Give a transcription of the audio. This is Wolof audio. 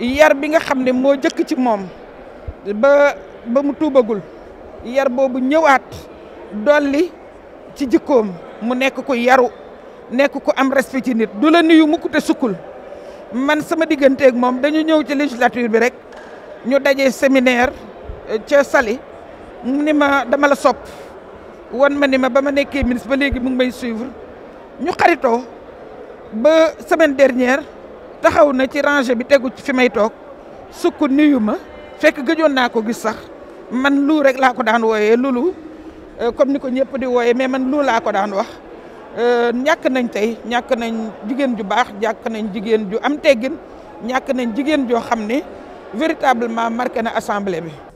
yar bi nga xam ne moo jëkk ci moom ba ba mu tuubagul yar boobu ñëwaat dolli ci jikkoom mu nekk ko yaru nekk ko am respect ci nit du la nuyu mukk te sukkul man sama digganteeg moom dañu ñëw ci législature bi rek ñu daje séminaire euh, ca sali mu ni ma dama la sopp wan ma ni ma ba ma nekkee ministre ba léegi mu ngi may suivre ñu xaritoo ba semaine dernière taxaw na ci rangée bi tegu fi may toog sukk nuyu ma fekk gëjoon naa ko gis sax man lu rek laa ko daan wooyee lulu euh, comme ni ko ñëpp di wooyee mais man lu laa ko daan wax euh, ñàkk nañ tey ñàkk nañ jigéen ju baax ñàkk nañ jigéen ju am teggin ñàkk nañ jigéen joo xam ni véritablement marqué na assemblée mi